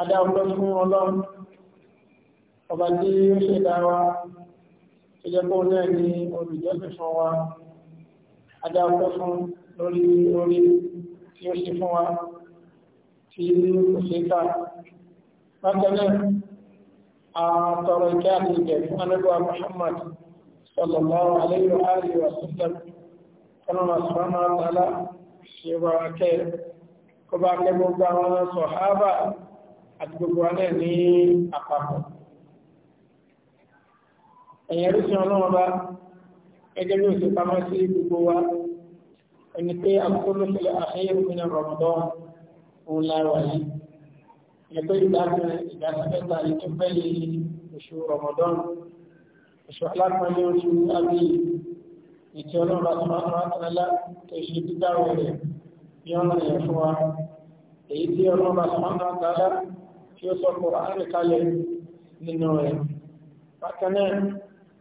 adáwọ́ fún ọlọ́run ọba tí ó ṣe dára tó jẹ́ kó náà ní olùjọ́sìn fún wa adáwọ́ fún lórí orí tí ó ṣe fún wa tí ó ṣe ká bákan àtọ̀rọ̀ ìkẹ́ àti fún anábíwá Muhammad sallallahu alayhi wa alihi wa sallam kan ṣe wa kẹ́ kó bá kẹ́ sọ̀hábà àti gbogbo wa náà ní àpapọ̀. ẹ̀yìn ẹ̀rí sin ọlọ́run bá gẹ́gẹ́ bí oṣù pamọ́ sí gbogbo wa ẹni pé àkókò ló fi àṣeyẹ òfin rọ̀mọ̀dọ́ òun lára yìí ẹgbẹ́ ìdájọ́ ìdásẹ́fẹ́ta yìí tó fẹ́ lè oṣù rọ̀mọ̀dọ́ oṣù alápọ̀lẹ́ oṣù àbí ìtì ọlọ́run bá tó máa ń rántí tó ṣe dídá rẹ̀ bí ọ̀nà yẹn wa èyí tí ọlọ́run bá tó máa ń rántí ó sọ Kùránì kalẹ̀ nínú rẹ̀ bákan náà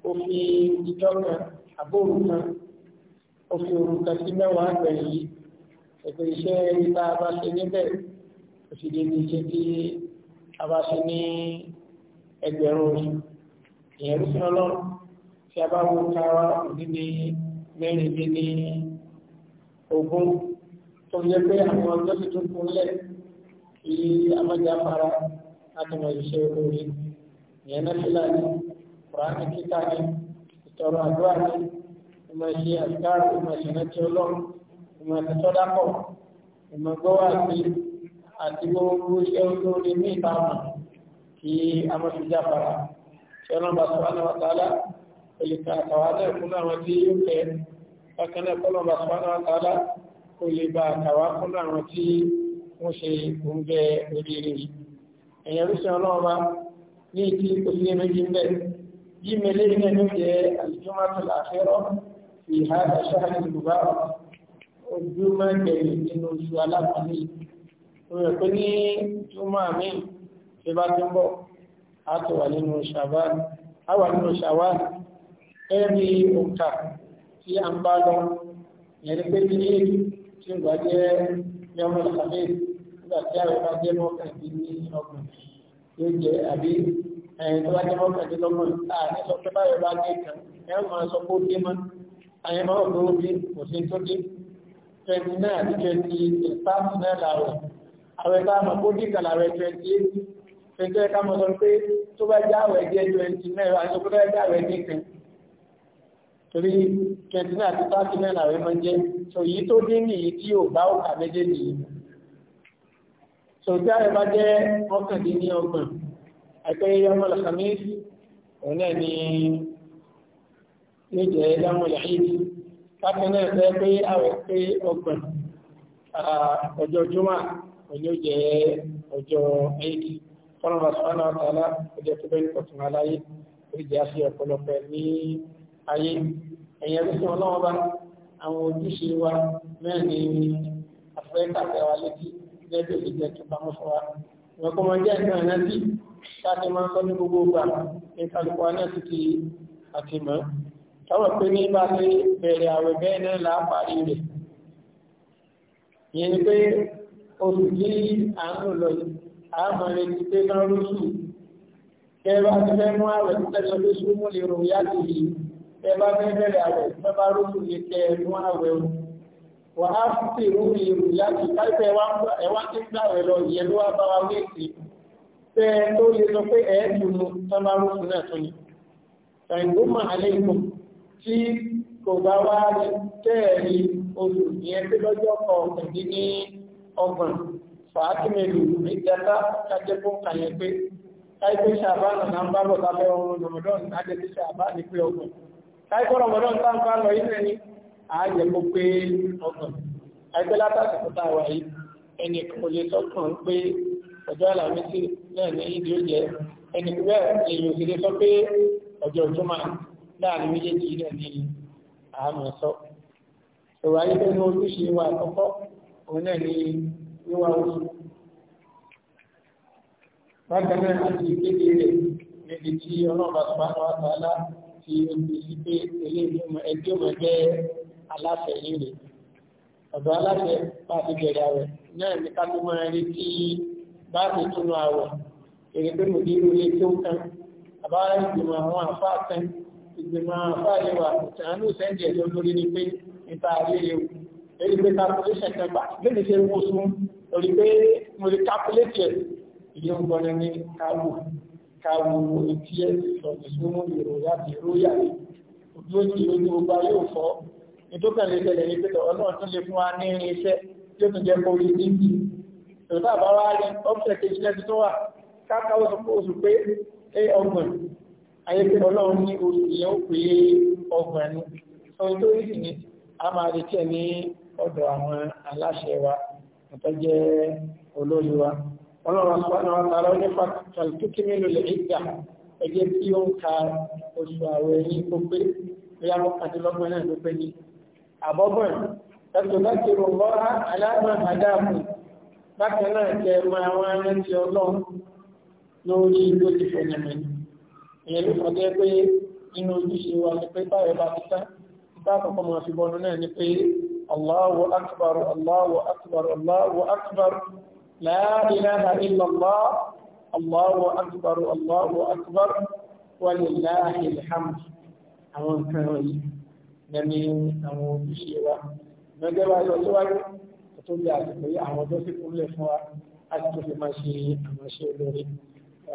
ó fi ìjọ kan àbóòrù kan ó fi orúkọ sí mẹ́wàá gbẹ̀yìn yìí ẹ̀pẹ́ iṣẹ́ ìta bá ṣe níbẹ̀ ó sì lè ní iṣẹ́ tí a bá ṣe ní ẹgbẹ̀rún oṣù ìyẹn ló fi ọlọ́run tí a bá wo káwa òní ní mẹ́rin dín ní ogún tó ń pé àwọn ọjọ́ tuntun kúnlẹ̀ kí amájà fara látọmọ ìṣe orí ìyẹn náfìlà ní kùránì kíkà ní ìtọrọ àdúrà ní ìmọ̀ ìṣe àdúrà ìmọ̀ ìṣe rántí ọlọ́run ìmọ̀ ìṣe tọ́dápọ̀ ìmọ̀ gbọ́wọ́ àti àti gbogbo iṣẹ́ olóore ní ìbámu kí a mọ̀ fi jáfara tí ọlọ́run bá sọ wọn náà tààlà olùkọ́ àtàwọn náà fún àwọn tí yóò kẹ́ bákan náà kọ́lọ́run bá sọ wọn náà tààlà kó lè bá àtàwọn fún àwọn tí wọ́n ṣe oúnjẹ oríire yìí èèyàn ló ṣe ọlọ́run bá ní ìdí oṣù méjì ń bẹ̀ bí mẹ́lẹ́ ní ẹni jẹ́ àlùjọ́mọ́tò àfẹ́rọ́ fi ha ṣáàlì yorùbá ojúmọ́ gbẹ̀yìn nínú oṣù alákùnrin ó yẹ pé ní túmọ̀ àmì tí bá ti ń bọ̀ á tó wà nínú ṣàwá á wà nínú ṣàwá ẹ̀rí òǹkà tí a ń bá lọ ìyẹn ni pé ní èyí tí ń gbà jẹ́ yọmọ ìsàlẹ̀ nígbà tí àwọn bá jẹ́ mọ́kàndínlọ́gbọ̀n yóò jẹ́ àbí ẹ̀yìn tó bá jẹ́ mọ́kàndínlọ́gbọ̀n láàrin sọ pé báyọ̀ bá jẹ́ kan ẹ̀ máa sọ pé ó dé mọ́ àyẹ̀ máa ń gbowó bí kò sí tó dé twenty nine àti twenty eight past nine làwẹ̀ àwẹ̀ tá a mọ̀ kó dìgbà làwẹ̀ twenty eight twenty eight ká sọ pé tó bá jẹ́ àwẹ̀ jẹ́ twenty nine àti tó bá jẹ́ àwẹ̀ kan torí twenty nine àti thirty nine làwẹ̀ máa ń jẹ́ so tó dé nìyí tí yóò bá òkà méjèèjì yìí sọ̀tí ààrẹ bá jẹ́ mọ́kàndínní ọgbọ̀n àìpẹ́ yọmọ lọ́sàmí òun náà ni yóò jẹ́ yọmọ làhídì bákan náà fẹ́ pé àwẹ̀ pé ọgbọ̀n ọjọ́ jùmọ̀ òun yóò jẹ́ ọjọ́ ẹ̀yìkì fọ́nà bàtúwánà ọ̀tàlá ọjọ́ tó bẹ́ẹ̀ pọ̀tún aláyé ó jẹ́ àṣẹ ọ̀pọ̀lọpọ̀ ní ayé ẹ̀yẹ lóṣù ọlọ́wọ́ bá àwọn ojúṣe wa mẹ́rin afẹ́ kàtẹ́wà létí gẹ́gẹ́ bí ìjẹ́ tó pamọ́ fún wa ìwọ̀n kọ́ máa jẹ́ ìgbà náà sí láti máa sọ ní gbogbo gbà ní kálukú wa náà sì ti àti mọ́ táwọn pé ní bá ṣe bẹ̀rẹ̀ àwẹ̀ bẹ́ẹ̀ náà là á parí rẹ̀ ìyẹn ni pé oṣù tí à ń lò lọ yìí a máa retí pé náà rúṣù kẹrọ àti fẹ́ mú àwẹ̀ tẹ́lẹ̀ lóṣù mú wà á fi tí ìlú mi ìrù yáàkì káìpẹ́ ẹ̀wá tí ń dáwọ̀ lọ ìyẹn ló wá bá wa wé sí pé tó lè sọ pé ẹ̀ẹ́dùn mu tán bá rú fún náà tó ní. ṣàìgbó mà alẹ́ ìlú tí kò bá wá tẹ́ẹ̀rí oṣù ìyẹn pé lọ́jọ́ kọ̀ọ̀kan dín ní ọgbọ̀n fàátìmẹ̀lú ìjẹta kájẹ́ fún kàyẹ pé káìpé ṣàbánà náà ń bá bọ̀ lábẹ́ ọmọ rọmọdọ́n adẹ́tí ni ààyè kó pé ọgbọ̀n ẹgbẹ́ látàkì tó táwa yìí ẹnì kò lè sọ́kàn pé ọjọ́ àlàmísì náà ní ìdí ó jẹ ẹnì bẹ́ẹ̀ èèyàn sì lè sọ pé ọjọ́ ìjọba láàrin méjèèjì náà ní àmọ̀ sọ. ìwà yìí nínú ojúṣe wa àkọ́kọ́ òun náà ní wíwá oṣù. bákan náà àti ìkéde rẹ̀ níbi tí ọlọ́ọ̀bá tó bá wà sálá ti ojú sí pé eléyìí ẹgbẹ́ ọmọ ẹgbẹ́ aláṣẹ yìí rè ọ̀dọ̀ aláṣẹ bá ti bẹ̀rẹ̀ àwẹ̀ náà ní kálí máa rí tí bá ti túnú àwẹ̀ èrè pé mo dírú ilé tó kan àbára ìgbìmọ̀ àwọn àfá kan ìgbìmọ̀ àfá ìwà ìtànú sẹ́ńdì ẹ̀jọ́ lórí ni pé níta ayé ewu èyí pé calculation kan gbà bí mi ṣe wó sún orí pé mo lè calculate ẹ̀ ìyẹ́ ń gbọ́n ní káwù káwù etí ẹ̀ sọ̀tún súnmọ́ ìròyà ìròyà ojú òjì ojú ọgbà yóò fọ́ ìtòkàn lè tẹ̀lé ní pẹ̀tọ̀ ọlọ́run tún lè fún wa ní irinṣẹ́ tí ó tún jẹ́ kó rí ní ìdí tòótọ́ àbáwá rí ọ́fíṣẹ́ kejì lẹ́bi tó wà káàkà ó sọ pé oṣù pé é ọgbọ̀n ayé pé ọlọ́run ní oṣù yẹn ó pé ọgbọ̀n ni sọ tó rí sì ni a máa retí ẹ̀ ní ọ̀dọ̀ àwọn aláṣẹ wa tó jẹ́ olórí wa ọlọ́run àpáná àtàrà ó ó ń ka àbọ́bọ̀n tẹ́tùbẹ́tìrù lọ́ha aláàmà àdáàbò bákan náà kẹ máa wá rántí ọlọ́run lórí ló ti fòyìnmí ìyẹn ló kọ́ jẹ́ pé inú ojúṣe wa ni pé báyọ̀ bá ti tán ìgbà àkọ́kọ́ máa fi bọnu náà ni pé Allahu akbar Allahu akbar Allahu akbar la ilaha illallah akbar Allahu akbar wa lillahi alhamd àwọn nǹkan wọ̀nyí ẹni àwọn ojúṣe wa gbẹgbẹ́ wa lọ síwájú tó bí àsìkò yìí àwọn tó sì kúnlẹ̀ fún wa láti tó fi máa ṣe àwọn iṣẹ́ olórí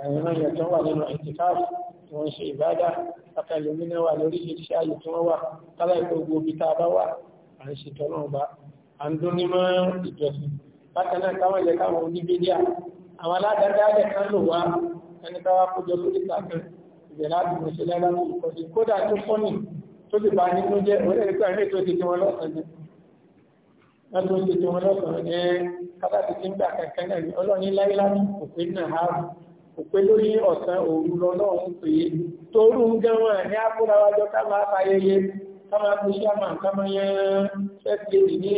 ẹ̀rọ yẹn tó wà nínú ìtìkáàfù tí wọ́n ṣe ìbádà akẹ́lómìnà wà lórí iṣẹ́ ààyè tí wọ́n wà kálá ìgbogbo ibi tá a bá wà à ń ṣètò náà bá à ń dún nímọ̀ ìjọsìn bákan náà káwọn ilẹ̀ káwọn oníbíríà àwọn aládàáda alẹ̀ kan lò wá ẹni káwá kójọ lórí ìtàkùn ìbẹ̀rẹ̀ àdùnnú sílẹ̀ láti ìkọ́jú tó sì bá nínú jẹ́ orílẹ̀-èdè pé àárín ètò ìdíje wọn lọ́sàn-án wọ́n tó ń ṣètò wọn lọ́sàn-án ní kábàtì tí ń gbà kankan náà ní ọlọ́ọ̀ni láíláí kò pé náà ha kò pé lórí ọ̀sán òru lọ́lọ́run pé torú ń gẹ́ wọn ní àkúráwájọ́ ká máa fayẹyẹ ká máa fi ṣáàmà ká máa yan fẹ́ẹ̀tì ní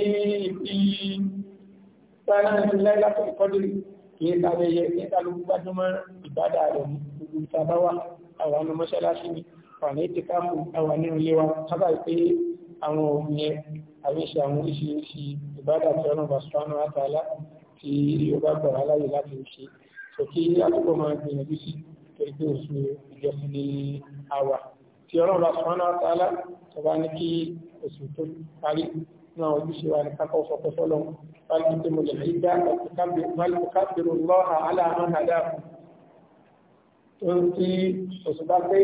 ibi sáyẹ́ǹsì láíláí tó kì í sábẹ́yẹ kí kálukú gbájúmọ́ ìbádà rẹ̀ ni wà ní ìtìkáfù àwọn nínú ilé wa sábà pé àwọn òun yẹn àríṣe àwọn oríṣiríṣi ìbádà tí ọ̀nà bá sọ́nà àtàlá tí yóò bá gbọ̀ aláyè láti ṣe so kí àkókò máa gbìyànjú sí torí oṣù ìjọsìn àwà tí ọ̀nà bá àtàlá tó bá ní kí oṣù tó parí náà ojúṣe wa ní kápá ọ̀fọ̀kọ́sọ́lọ́ wal tutimul idda wal tukabbirullah ala ma hadakum tí oṣù bá pé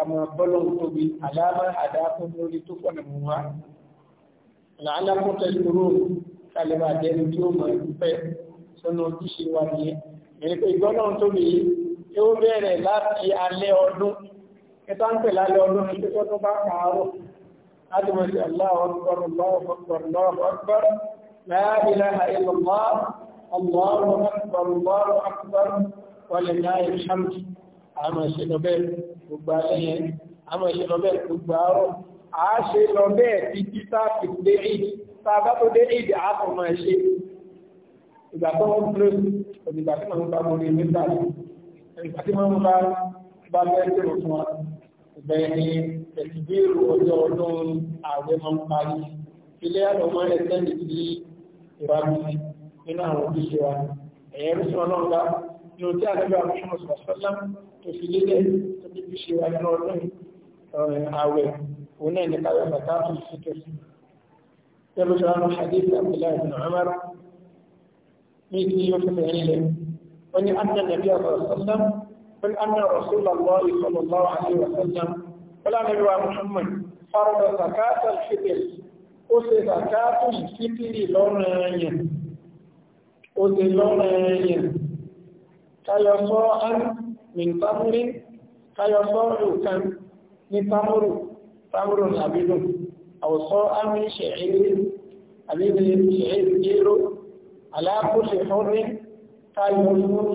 àmọ́ bọ́lọ́n tóbi àdámà àdáfún lórí tó pọ̀ nínú wa làálà kó tẹ̀lé rò kálíbà jẹ́ni tí ó mọ̀ ìpẹ́ sọ́nà ojúṣe wa nìyẹn èyí pé ìgbọ́lọ́n tóbi yìí tí ó bẹ̀rẹ̀ láti alẹ́ ọdún ẹ̀tọ́ ń pè lálẹ́ ọdún ní pé tọ́tún bá pààrọ̀ láti mọ̀ sí Allahu Akbar wa lillahi alhamd àmọ́ ṣe lọ bẹ́ẹ̀ gbogbo alẹ́ yẹn àmọ́ ṣe lọ bẹ́ẹ̀ gbogbo àárọ̀ a ṣe lọ bẹ́ẹ̀ ti títà fi dé ìdí tá a bá tó dé ìdí a kò máa ṣe ìgbà tó wọ́n pè òdìgbà tí wọ́n bá ìgbà tí wọ́n bá ni ẹ̀sìdéèrò ọjọ́ ọdún ààrẹ máa ń parí yóò tí àdẹ́gbà Muhammad sallam tó fi lélẹ̀ tó bí fi ṣe wà nínú ọdún ààwẹ̀ òun náà ní káyọ̀ bàtà tó fi tó sí. Yẹ́bù sọ àwọn hadith Abdullahi bin Umar ní ti yóò fi lẹ́yìn lẹ̀. Wọ́n ní Anna Nabi Sallam, wọ́n ní Anna Rasulallah sallallahu alaihi wa sallam, wọ́n ní Nabi Muhammad farada zakat al-fitr. Ó ṣe zakat al-fitr lọ́rùn ẹ̀yìn. Ó ṣe lọ́rùn ẹ̀yìn. káyọ sọ án min tamuri káyọ sọ òkan ní tamuru tamuru àbídùn àwòsọ án ní ṣẹ̀ẹ́rẹ́ àbídùn ṣẹ̀ẹ́rẹ́ jéró aláàkóṣe fọ́nrin káyọ fún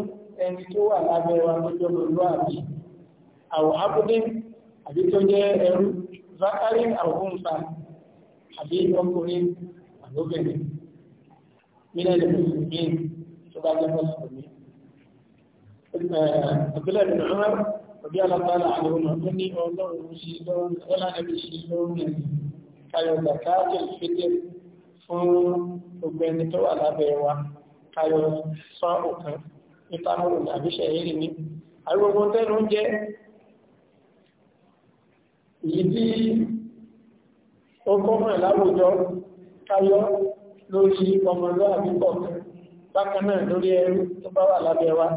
ẹni tó wà lábẹ́ wa tó jọ lọ́lọ́ àbí àwọn abúdín àbí tó jẹ́ ẹrú zakari àwọn òǹfà àbí ọkùnrin àlóbìnrin mílẹ̀ lè tó bá jẹ́ mùsùlùmí Eh, Abdullahi bin Umar òbí alábàálà àwọn ọmọ ní ọlọ́run sí lọ́rùn ọlá ẹbí sí lọ́rùn ẹ̀ káyọ̀ zakati fìdí fún gbogbo ẹni tó wà lábẹ́ wa káyọ̀ sọ òkan nípa mọ́rùn àbíṣẹ́ yìí ni àríwọ̀gbọ́n tẹ́nu ń jẹ́ èyí tí ó kọ́mọ̀ láwùjọ káyọ̀ lórí ọmọlúwàbí kọ̀ọ̀kan bákan náà lórí ẹrú tó bá wà lábẹ́ wa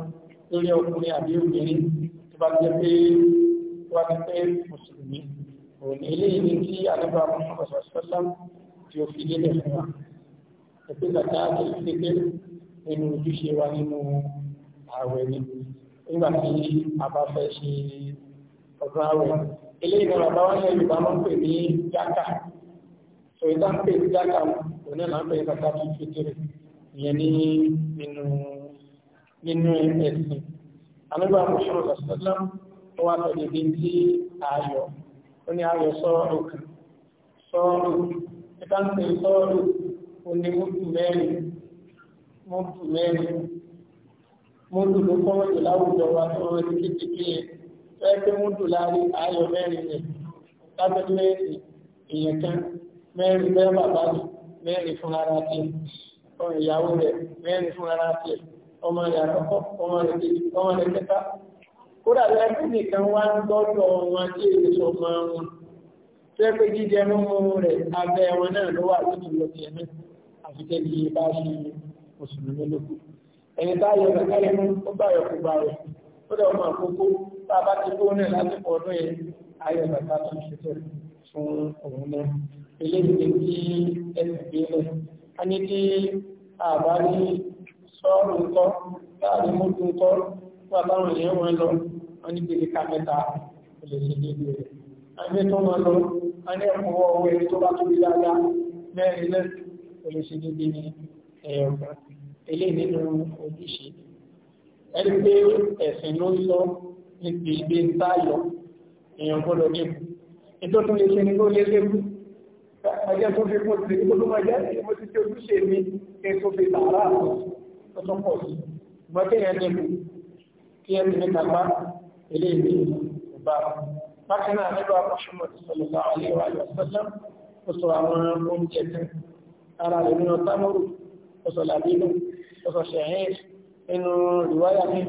lórí ọkùnrin àbí obìnrin tó bá jẹ́ pé wà ní pé mùsùlùmí òní ilé ìní tí àdúgbà mọ́sọ̀sọ̀ sọ́lá tí ó fi lélẹ̀ fún wa ẹgbẹ́ bàtà àti ìpínlẹ̀ nínú ojúṣe wa nínú ààwẹ̀ ni nígbà tí a bá fẹ́ ṣe ọdún ààwẹ̀ ilé ìgbà bàbá wọn ní Yorùbá máa ń pè nínú ẹ̀sìn àlọ́gbà mọ̀ṣọ́rọ̀ lọ́sọ́lọ́m ó wá sọ dédé tí ayọ̀ ó ní ayọ̀ sọ́ọ̀rọ̀ kan sọ́ọ̀rọ̀ ẹ̀ka ń pè sọ́ọ̀rọ̀ ó ní mọ́tò mẹ́rin mọ́tò mẹ́rin mọ́tò ló kọ́ mọ́tò láwùjọ wa tó rẹ̀ ní kékeré yẹn fẹ́ẹ́ pé ọmọ rẹ̀ àkọ́kọ́ ọmọ rẹ̀ kejì ọmọ rẹ̀ kẹta kódà lẹ́yìn nìkan wá ń gbọ́dọ̀ wọn tí èyí sọ máa ń wọn tó yẹ pé jíjẹ mímú rẹ̀ abẹ́ wọn náà ló wà lójú lọ tiẹ̀ náà àfi tẹ́lẹ̀ yìí bá ṣe mùsùlùmí lóko ẹni tá a yọ kẹkẹ rẹ mú ó bá yọ bá rẹ ó dẹ̀ ọmọ àkókò tá a bá ti kó náà lásìkò ọdún yẹn ayọ̀ bàtà tó ń ṣe tẹ̀ fún òun náà eléyìí ti ẹnu gbé lẹ̀ a ní kí àbá ní sọ́ọ̀rù ńkọ́ láàrin mọ́tò ńkọ́ wà láwọn èèyàn wọn lọ wọn ní gbèdé ká mẹ́ta kò lè ṣe déédéé rẹ̀. àmì tó máa lọ a ní ẹ̀kúnwọ́ owó ẹni tó bá tóbi dáadáa mẹ́rin lẹ́ kò lè ṣe déédéé ní ẹ̀yọ̀ kan eléyìí nínú ojúṣe. ẹni pé ẹ̀sìn ló ń sọ ní gbèdé ń táyọ̀ èèyàn gbọ́dọ̀ dẹ́kun ètò tó lè ṣe ní kó lé lẹ́kùn ẹjẹ́ tó fi kún sí kó tó máa jẹ́ ìmọ̀ títí ojúṣe mi kí n tó fi tààrà àtúnṣe ọtọ́ pọ̀ sí gbọ́dọ̀ yẹn lè mú kí ẹ lè nàgbá eléyìí ọba bákan náà nílò àpọ̀ṣọ́mọ̀ ti sọ̀rọ̀ bá àlẹ́wà àlọ́sọ́lá ó sọ àwọn oúnjẹ kan ara rẹ̀ nínú támọ́rù ó sọ làbínú ó sọ ṣẹ̀hìn nínú ìwáyà mi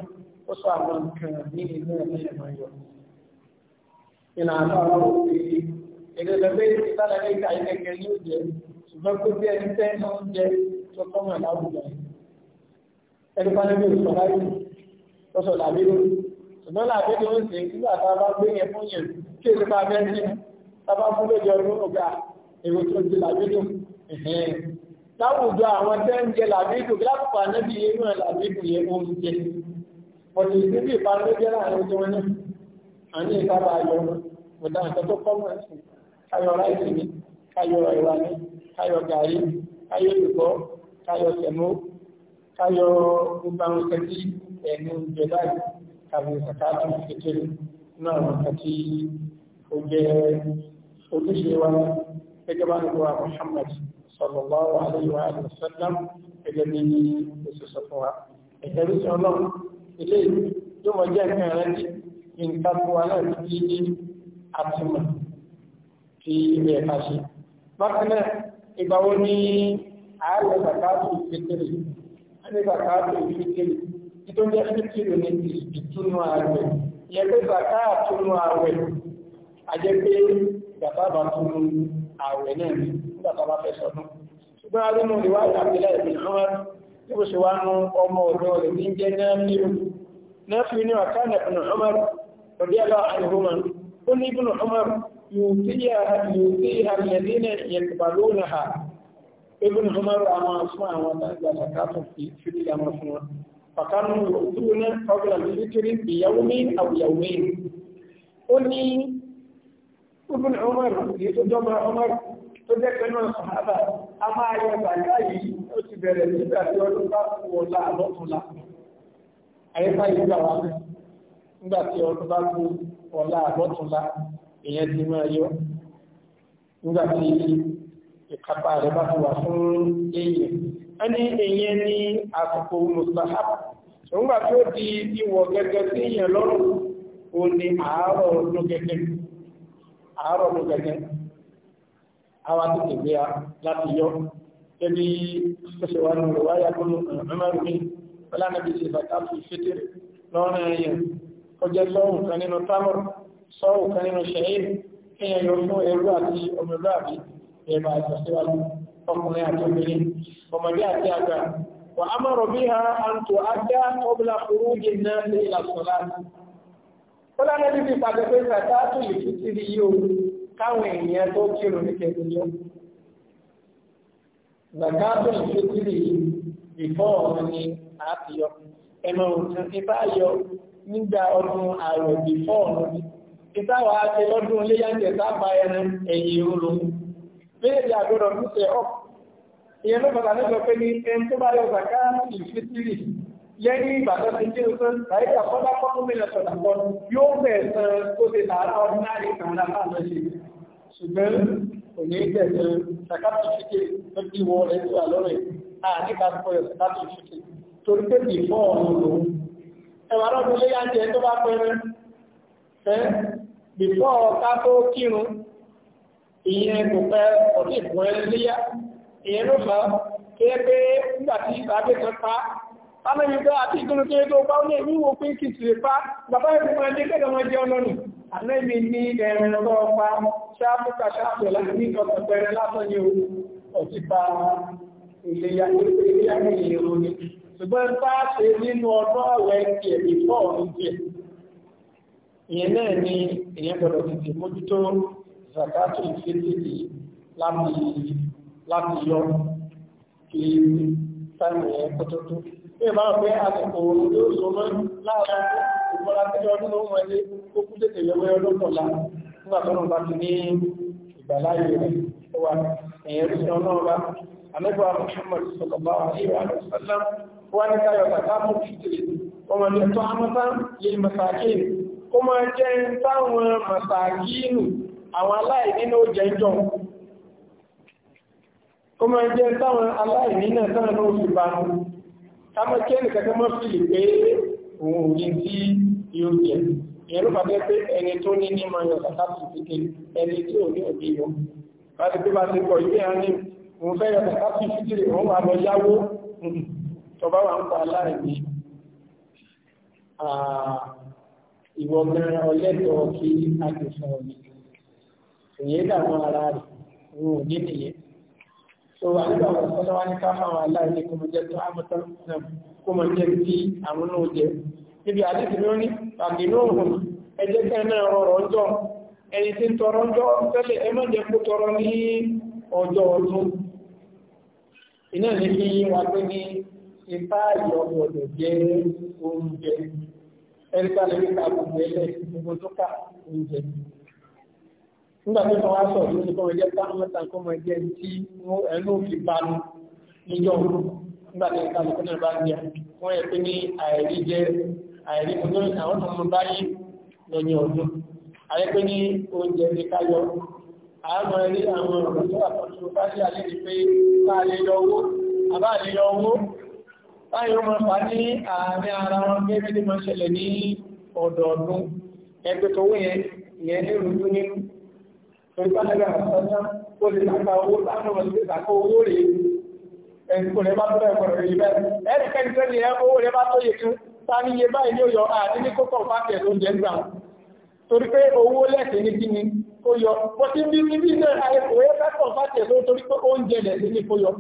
ó sọ àwọn nǹkan ní ìlú ẹ̀mí ẹ̀mọ́ yọ ìnà àbáwọ̀ òkèèrè ìrẹ̀lẹ̀bẹ̀ ìtàlẹ̀ ní ìgbà ilẹ̀ ní oúnjẹ ṣùgbọ́n kó bí ẹni tẹ́ oúnjẹ tó kọ́mọ̀ ẹni kan níbi òsùn láyé lọ́sọ̀ làbí lórí ṣùgbọ́n làbí lórí ṣe nígbà tá a bá gbé yẹn fún yẹn kí èsì bá bẹ́ẹ̀ ní tá a bá fún lóde ọdún ọ̀gá èrò tó ti làbí lò láwùjọ àwọn tẹ́ ń jẹ làbí lò lápapọ̀ ànábì yẹn náà làbí lò yẹn ó ń jẹ ọ̀sẹ̀ ìdíbí ìparun ló jẹ́ láàrin ojú wọn náà àní ìtara ayọ̀ kò dá nǹkan tó kọ́mọ̀ ẹ̀sìn káyọ̀ ráìsì ni káyọ̀ káyọ gbogbo àwọn kẹtí ẹ̀mí oúnjẹ báyìí tàbí ìsàkà tó kékeré náà wọn kẹtí ó ojúṣe wa gẹ́gẹ́ bá nígbà Muhammad sallallahu alaihi wa sallam gẹ́gẹ́ bí òṣìṣẹ́ fún wa ẹ̀jẹ̀ ló sọ ọlọ́run ilé yóò wọ́n jẹ́ nǹkan rẹ̀ ní nǹkan fún wa láti fi àtìmọ̀ tí ilé ẹ̀ka ṣe bákan náà ìgbà wo ni ààrẹ bàbá ṣe zakato ìfikiri títí ó jẹ́ ìfikiri ní ìtúnú ààwẹ̀ yẹ pé zakato nú ààwẹ̀ ajẹ́ pé gàtàbà tún ààwẹ̀ náà ní gàtàbà fẹ́ sọdún ṣùgbọ́n arínú ìwà ìyàpẹ̀lẹ̀ ìpínlẹ̀ wọn tí ó ṣe wá nú ọmọ ọ̀dọ́ rẹ̀ ní jẹ́ náà ibùn humaru àwọn asúnmọ́ àwọn àtàgbà sàkátù fìdí àmọ́ fún wọn pàkánù òkúrò ní ọgbà lítírì ìyàwó ní àwùyàwó yìí ó ní ibùn humaru yìí tó jọba humaru tó jẹ́ pẹ̀lú ọ̀sánàbà a máa yọ bàjá yìí ó ti bẹ̀rẹ̀ nígbà tí ọdún bá kú ọ̀la àlọ́túnla ìyẹn ti máa yọ nígbà tí ìkápá rẹ̀ bá fi wà fún èèyàn a ní èèyàn ní àsìkò mustahab ṣùgbà tó di ìwọ̀ gẹ́gẹ́ sí èèyàn lọ́rùn ó ní àárọ̀ ló gẹ́gẹ́ àárọ̀ ló gẹ́gẹ́ àwa tó tẹ̀lé a láti yọ ẹni ṣẹṣẹ wa nù wáyà kó ló mẹ́mẹ́ rú mi ọlá nàbí ṣe bàtà fi fètè lọ́rùn èèyàn ọjọ́ sọ́hùn kan nínú támọ̀rù sọ́hùn kan nínú ṣẹ̀yìn kéèyàn ẹ̀bà àtọ̀síwájú ọkùnrin àti obìnrin ọmọdé àti àgbà wà á máa rọ̀bí ha àǹtò àdá ọbìlà kúrú yìí náà ní ìlàsọ̀lá ó lánàá níbi ìpàdé pé kàtà tó lè fi sí iye o káwọn èèyàn tó kírun ní kẹsìlẹ gbàgbá tó lè fi sí iye ìfọ́ ọ̀run ni àáfíyọ ẹ̀mọ̀ òtún ìbá yọ nígbà ọdún àrò ìfọ́ ọ̀run ni ìbáwọ̀ á ti iléyàjẹ̀ sábà ẹran ẹ̀yìn òun béèrè àgbọ̀dọ̀ ní ṣe ọ́ ìyẹn ló bàtà nígbà pé ní ẹni tó bá yọ zaka ìfitiri lẹ́yìn ìgbà tó ti jẹ́ òṣèlú láì dà fọ́dá fọ́dún mílíọ̀n sọ̀dà pọ̀ yóò bẹ̀ẹ̀ san tó ti tààrà ọdún náà ní ìtàn náà lọ sí ṣùgbọ́n kò ní í bẹ̀ẹ̀ zaka ìyẹn kò pẹ́ ọdún ìfún ẹlẹ́yà ìyẹn ló fà kí ẹ pé kan pa àti ìgbónú tó yẹ tó ní tìrì pa bàbá kẹ́kẹ́ wọn jẹ́ ní ẹ̀rìn pa láti ní pẹ̀rẹ̀ o ọ̀sí pa ìléyà ìléyà ní ìlú ni ṣùgbọ́n bá ṣe zakatu ìfẹ́tẹ̀lì láti láti yọ kí táìmù yẹn kótótó. Bí ìbá pé àsìkò òun yóò sọ mọ́ láàárọ̀ ìbọ̀lá tẹ́lẹ̀ ọdún ló mọ ilé ó kú tètè yọmọ ọdún kọ̀lá nígbà tó náà bá ti ní ìgbàláyè rẹ̀ tó Àmẹ́gbà Muhammad sọ̀kọ̀bá àríwá àlùsọ́lá wọ́n ní káyọ̀ zakatu ìfẹ́tẹ̀lì ọmọ ní tó amọ́tá yìí masakín kó máa jẹ́ táwọn masakínu àwọn aláìní ní ó jẹ jọ ó máa jẹ táwọn aláìní náà náà náà fi bá táwọn kẹ́ẹ̀nì kankan mọ́ fi lè pé òun ò ní tí yóò jẹ ìyẹn ló fàbẹ́ pé ẹni tó ní ní máa yọ sàkáàtì fìkì ẹni tí ò ní òbí yọ láti pé bá ti pọ̀ ìwé àní òun fẹ́ yọ sàkáàtì fìkì òun wà lọ yáwó tọba wà ń pa aláìní ìwọ̀n ọlẹ́tọ̀ọ́ kí a ti sọ̀rọ̀ èyí dààmú ara rẹ̀ wọn ò ní nìyẹn tó àgbà wọn sọ́dọ̀ wá ní káfà wọn aláìní kó mọ jẹ tó àmọ́tọ́ náà kó mọ jẹ tí àwọn náà jẹ níbi àdéhùn ló ní tàbí náà hùn ẹjẹ tẹ náà rọrọ ọjọ́ ẹni tí ń tọrọ ọjọ́ tẹ́lẹ̀ ẹ má jẹ kó tọrọ ní ọjọ́ ọdún iná ní fi wá pé ní ipá ìyọ̀bọ̀ ọ̀dọ̀ jẹ́ oúnjẹ ẹ̀ríkà lórí ká gbogbo ẹlẹ́ gbogbo tó ká oúnjẹ nígbà tí wọ́n wá sọ yóò ní kọ́mọ jẹ́ pàmọ́ta kọ́mọ jẹ́ tí ẹnu fi banu níjọ́ nígbà tí ìka lókè náà bá ń jẹ wọ́n yẹ pé ní àìrí jẹ́ àìrí ọdún àwọn ọmọ báyìí lọ́yìn ọdún àyẹ́ pé ní oúnjẹ ní káyọ àmọ́ rí àwọn ọ̀rọ̀ tó wà pọ̀tù bá sí àlè ní pé bá lè yọ owó àbá lè yọ owó báyìí wọ́n fà ní àárín ara wọn pé bí máa ṣẹlẹ̀ ní ọ̀dọ̀ọ̀dún ẹgbẹ́ tó wúyẹn ìyẹn ní ìrújú nínú ìgbàlẹ́gbà àtọ́já ó lè láta owó láàrín ọdún ìdàkọ́ owó rẹ̀ ẹ̀kùn rẹ̀ bá tọ́ ẹ̀kùn rẹ̀ ibẹ̀ ẹ̀rìkẹ́ni tó ní owó rẹ̀ bá tó yẹ kí ta ní iye báyìí yóò yọ àti ní kókọ̀ fákẹ̀ ló ń jẹ ni kó yọ bó ti bí níbi náà àìkò yẹ kókọ̀ fákẹ̀ ló torí pé oúnjẹ lẹ́sẹ̀ ní kó yọ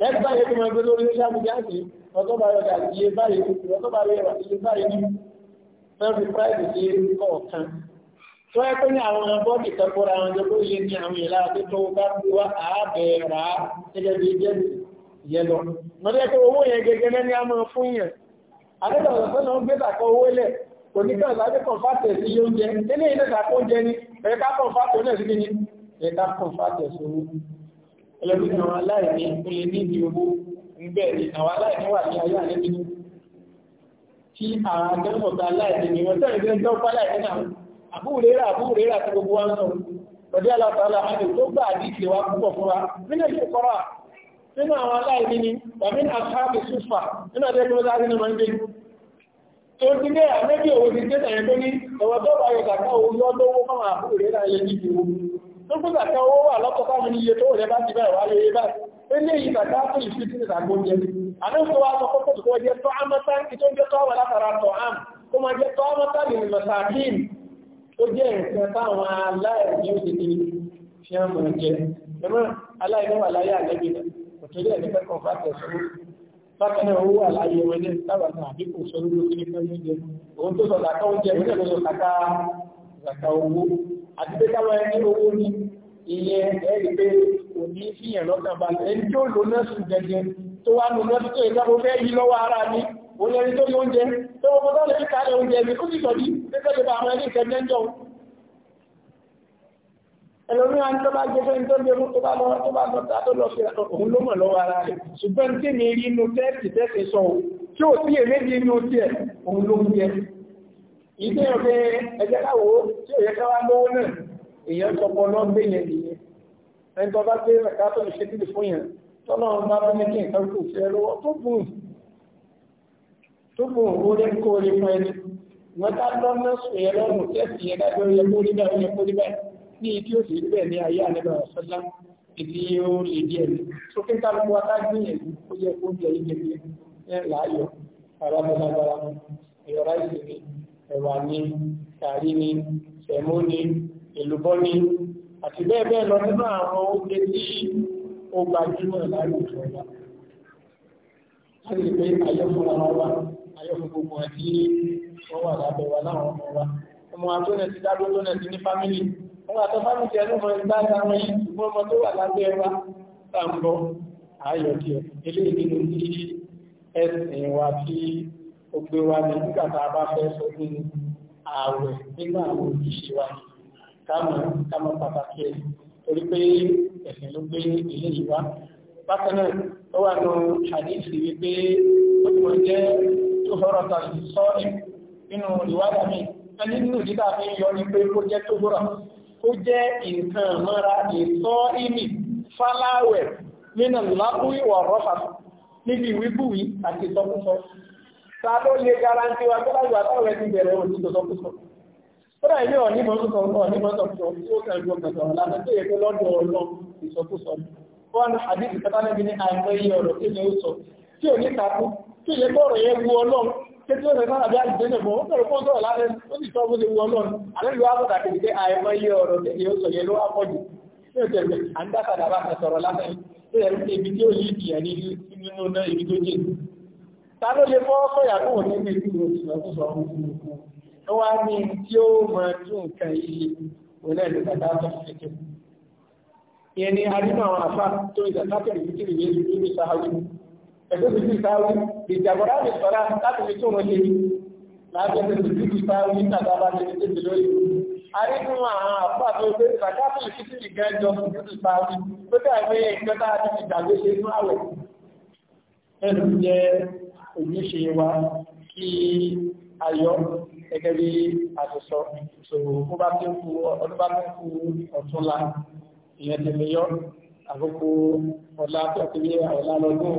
lẹ́gbà yẹ kí wọ́n gbé lórí iṣẹ́ àmì ọjọ́ bá yọ iye báyìí ọjọ́ bá yọ iye báyìí ní fẹ́ẹ́ fi tó ẹ pé ní àwọn bọ́ọ̀dì kẹ́kọ̀ọ́ àwọn jẹ́ kó lè ní àwọn ìlà àti tó bá ti wá àábẹ̀ẹ̀rà gẹ́gẹ́ bí jẹ́ yẹ lọ. Mọ̀tẹ́ pé owó yẹn gẹ́gẹ́ ní a máa fún yẹn. Àdébà ọ̀sán náà gbé bàkọ́ owó lẹ̀ kò ní kàn láti kàn fàtẹ̀ sí yóò jẹ. Ilé ilé ìdàkọ́ oúnjẹ ni ẹ̀ka kàn fàtẹ̀ náà sí kí ni ẹ̀ka kàn fàtẹ̀ sí owó. Ẹlẹ́bí àwọn aláìní kò lè ní ìdí owó ń ni àwọn aláìní wà ní ayé àlébí àbúrérà àbúrérà tí gbogbo wa ń sọ ọdí alátàlá àti tó gbà àdíkè wa púpọ̀ fún wa nínú ìṣòkọ́rọ̀ nínú àwọn aláìní ni tàbí àkáàbì súfà nínú àti ẹgbẹ́ láti nínú mọ́ndé tó ti lé àmẹ́bí òwò ti tẹ́ta ẹ̀ tó ní ọwọ́ tó bá yọ kàkà owó yọ lówó fún àwọn àbúrérà ilẹ̀ níbi owó tó fún kàkà owó wà lọ́kọ̀ fáwọn iye tó rẹ̀ bá ti bá ìwà lóye bá eléyìí kàkà fún ìfitì ìtàgbó jẹ àdókòwò àkọ́kọ́ kò tó jẹ tó ámọ́tá kí tó jẹ tó àwọn látara tó ám ó jẹ́ nǹkan táwọn aláìní ó tètè fi hàn mọ̀ jẹ ẹ̀mọ́ aláìní wà láyé àlẹ́bí náà òtòrí ẹ̀ nípa kan fàtẹ̀ sọ́wọ́ bákan náà owó àlàyé wọn ní sábà náà àbí kò sọ lórí òkè nípa oúnjẹ òun tó sọ làkà oúnjẹ òun náà ló sọ kàkà kàkà owó àti pé káwọn ẹni owó ní ìyẹn ẹ̀rí pé kò ní fìyàn lọ́kàn balẹ̀ ẹni tó lò náà sùn gẹ́gẹ́ tó wá lò náà tó yẹ òun ẹni tó ní oúnjẹ tó wọ́n tó lè fi kálẹ̀ oúnjẹ mi kó sì tọ́jú pípẹ́ lè ba àwọn ẹni ìkẹ́ mẹ́jọ ẹlòmíràn tó bá gbé fẹ́ni tó lè mú tó bá lọ tó bá lọ tó lọ sí òun ló mọ̀ lọ́wọ́ ara rẹ̀ ṣùgbọ́n tí mi rí inú tẹ́ẹ̀sì tẹ́ẹ̀sì sọ o tí ò sí èméjì inú tiẹ̀ òun ló ń jẹ ìdí ọ̀fẹ́ ẹgbẹ́ láwo tí ò yẹ ká wá lówó náà èèyàn sọpọ̀ náà gbé yẹn nìyẹn ẹni tó bá gbé ẹ̀ká tó lè ṣe kí tupu wurin kori fẹ́ni wọ́n tá lọ́nà sọ̀yẹ́ lọ́rùn tẹ́sì yẹn dájọ́ yẹ kó rí bẹ́ẹ̀ yẹ kó rí bẹ́ẹ̀ ní ibi ó sì rí bẹ́ẹ̀ ní ayé àlẹ́ bàbá sọ́lá ibi ó lè díẹ̀ ni tó kí n ká lọ́wọ́ ká gbìyànjú ó yẹ kó jẹ ilé bí ẹ láàyò bàbá mi lágbára ẹ̀rọ ráìsì ni ẹ̀wà ni gàrí ni sẹ̀mó ni èlùbọ́ ni àti bẹ́ẹ̀ bẹ́ẹ̀ lọ nínú àwọn oúnjẹ tí ó gbajúmọ̀ láyò ìjọba láti pé ayé fúnra wa ayọ́fún gbogbo wọn tí wọ́n wà lábẹ́ wa láwọn ọmọ wa ọmọ agbóhùn ti dágbó lónà sí ní fámìlì wọn àtọ́ fámìlì ẹnu mọ ìgbà àwọn yìí ṣùgbọ́n ọmọ tó wà lábẹ́ wa tá ń bọ́ ayọ̀ kí ọ eléyìí nínú tí ẹ̀sìn wa tí ó gbé wa ní nígbà tá a bá fẹ́ sọ fún ààwẹ̀ nígbà àwọn òṣìṣẹ́ wa kámọ̀ kámọ̀ pàtàkì ẹ̀ torí pé ẹ̀sìn ló gbé eléyìí wa bákan náà ó wà nù àdéhìí wípé ó ti mọ̀ jẹ́ tó fọ́rọ̀ tàbí sọ́ọ̀rì nínú ìwádà mi ẹni nínú ìdíkà fi yọ ní pé kó jẹ́ tó fọ́rọ̀ ó jẹ́ nǹkan mọ́ra ìtọ́ ìmì fáláwẹ̀ nínú lápúrí wà rọ́fà níbi ìwíkúwí àti sọkúsọ ta ló lè garanti wa tó lájú àtàwẹ̀ ti bẹ̀rẹ̀ òní tó sọkúsọ kódà ilé ọ̀ nímọ̀ sọ̀sọ̀ ọ̀ nímọ̀ sọ̀sọ̀ tí ó kàn ju ọ̀gbẹ̀sọ̀ lánàá tó yẹ kó lọ́dọ̀ ọ̀lọ́ ìsọkúsọ wọn àdìsí ní àìmọye tí ò ní takú tí ìyẹ́ bọ́ọ̀rọ̀ yẹ wu ọlọ́run kékeré rẹ̀ náà àbí àjùjẹ́ nìkan ó sọ̀rọ̀ fún sọ̀rọ̀ láàrin ó sì sọ bó ṣe wu ọlọ́run àlejò àbọ̀dà kìí pé àìmọ ilé ọ̀rọ̀ tẹ̀lé ó sọ yẹ ló wá pọ̀jù ní ìtẹ̀lẹ̀ àńdákàdà bá kan sọ̀rọ̀ lásán tó yẹ kí ibi tí ó yí ìyẹn ní nínú náà ibi tó jẹ ta ló lè fọ́ sọ̀yà tó wọ̀n nínú ìlú òṣìṣẹ́ sọ ó wá ní tí ó mọ tún nǹkan iye òun ẹ̀ ló bàtà sọ ìyẹn ni adínú àwọn àfa ẹ̀sọ́ ti fi sáwí ìjàgbọ́n láti sọ́ra láti fi tó wọn ṣe láti ẹ̀sọ́ ti fi sáwí nígbàtà bá ti fi tètè lórí. a rí fún àwọn àpá tó gbé sàkáàtì ìfísìlì gan jọ fún títí sáwí tó dà pé ẹgbẹ́ tá a ti fi gbàgbé ṣe fún àwẹ̀. ẹnu jẹ ojúṣe wa kí ayọ̀ gẹ́gẹ́ bí àtúnṣọ ìṣòro kó bá tún kú ọdún bá tún kú ọ̀túnla ìyẹn tẹ̀lé yọ àkókò ọ̀la tó àti ní ọ̀la lọ́dún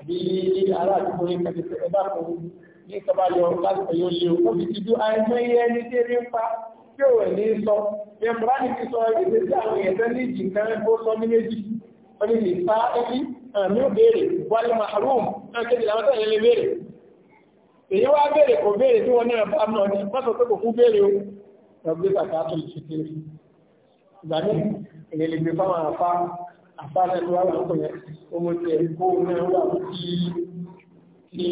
àbí ará àdúgbò yẹn kàbí ẹ̀dá kan ní ìsọba yọ láti pẹ̀lú olè ó ti ti ju àìmọye ẹni tí eré ń pa tí ò ní sọ ẹ̀ mùránì ti sọ ìdè tí àwọn èèyàn tẹ́lẹ̀ ìjì kan ó sọ ní méjì wọ́n ní ìfá ẹbí àmì ò béèrè wálé mahrum náà kéde làwọn tẹ̀lé lè béèrè èyí wá béèrè kò béèrè tí wọ́n ní ẹ̀fọ́ àmì ọ̀dí o ẹgbẹ́ kàkà tó lè ṣe kéré ìgbà ní èyí lè gbé fáwọn àfá àfáàlẹ̀ tó wà lọ́pọ̀ yẹn ọmọ tí ẹ̀ kó náà wà kí kí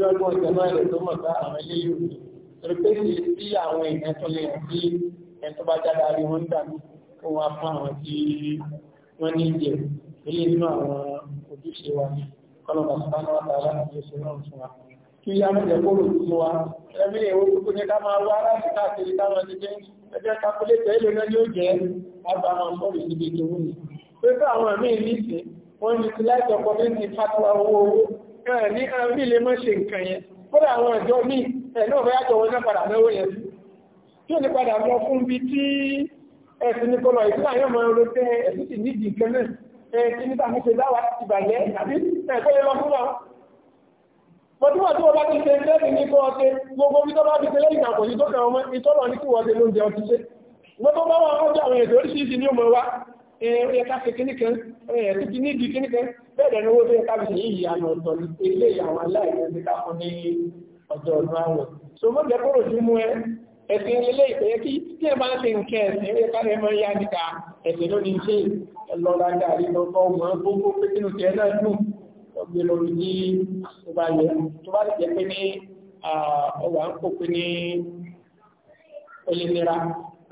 lọ́gbọ́n ìjọba rẹ̀ tó mọ̀ bá àwọn ilé yóò ní torí pé kì í sí àwọn èèyàn tó lè hàn sí ẹ̀ tó bá jáde àrí wọn dà ní kó wá fún àwọn tí wọ́n ní jẹ ilé nínú àwọn ojúṣe wa ní kọ́lọ́mà sọ́nà àtàrà àti oṣù náà fún wa kí á mọ̀ jẹ́ kóró fún wa ẹ̀mí ìwé kúkú ní ká máa wá láti káàkiri táwọn ti jẹ́ ẹgbẹ́ kakulétẹ̀ èlò náà yóò jẹ́ àbáwọn sọ́ọ̀rọ̀ ìdíje tó wù pépé àwọn ẹ̀mí ìlísì wọ́n ní ti láti ọkọ̀ ní ti fatuwa owó owó náà ní àmì lè mọ́ ṣe nǹkan yẹn kódà àwọn ẹ̀jọ́ míì ẹ̀ náà bẹ́ẹ̀ àjọ wọn náà padà náwó yẹn sí tí ò ní padà lọ fún bí tí ẹ̀sìn ní kọlọ̀ ìdílé àyọ̀ máa ń ro pé ẹ̀sìn sì nídìí nǹkan náà ẹ̀sìn níta fi ṣe dáwà ìbàjẹ́ àbí ẹ̀kọ́ yẹn lọ fún wa mọ̀tíwà tí wọ́n bá ti ṣe lẹ́sìn ní ó yẹ ká ṣe kíní kan ó yẹ kí ní ibi kíní kan bẹ́ẹ̀ dẹ̀ ni owó tó yẹ ká fi ṣe yíyí àmọ́ ọ̀dọ̀ ní ilé àwọn aláìlẹ́ ní so mo jẹ́ kúrò sí mú ẹ ẹ̀sìn ilé ìpẹ́yẹ kí tí ẹ bá ń ṣe nǹkan ẹ̀sìn ó yẹ ká lè mọ ìyá níta ẹ̀sìn ló ní ṣe lọ lága rí lọ fọ ọmọ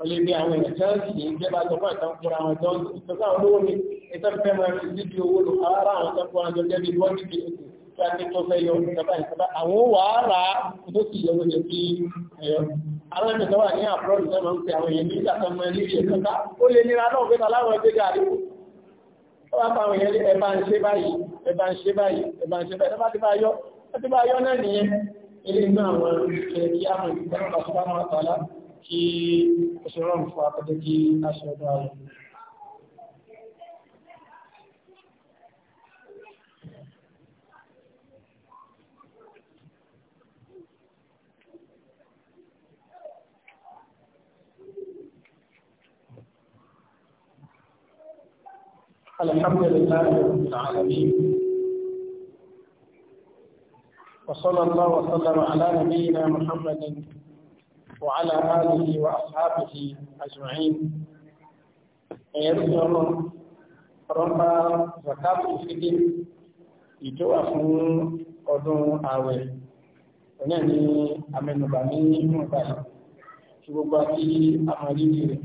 ọlẹ́ ní àwọn èèyàn chelsea ìjọba àjọpọ̀ ìtàkùnra àwọn ìjọ ìtọ́sá olówó ni ìtàkùnfẹ́ máa fi síbi owó lò ara àwọn ìtàkùnra àjọ jẹ́bi wọ́n ti di ètò kí a ti tó fẹ́ yọ ìjọba ìjọba àwọn wàhálà tó sì yọ wọlé sí ẹ̀yọ. àwọn ẹ̀mí tó wà ní àbúrọ̀dù tó máa ń pe àwọn èèyàn ní ìtàkùnmọ níbi ìtọ́sá ó lè nira náà pé aláwọ̀ ẹgbẹ́ gàrí ilé inú àwọn ìṣẹ̀lẹ̀ kí á mọ̀ ìgbà kí ó kí الحمد لله رب العالمين وصلى الله وسلم على نبينا محمد وعلى آله وأصحابه أجمعين أيضا ربا زكاة الفطر ìjọba fún ọdún ààwẹ̀ ọ̀nà ní amẹnubà ní ìmọ̀ta tí gbogbo àti àmàlìlì rẹ̀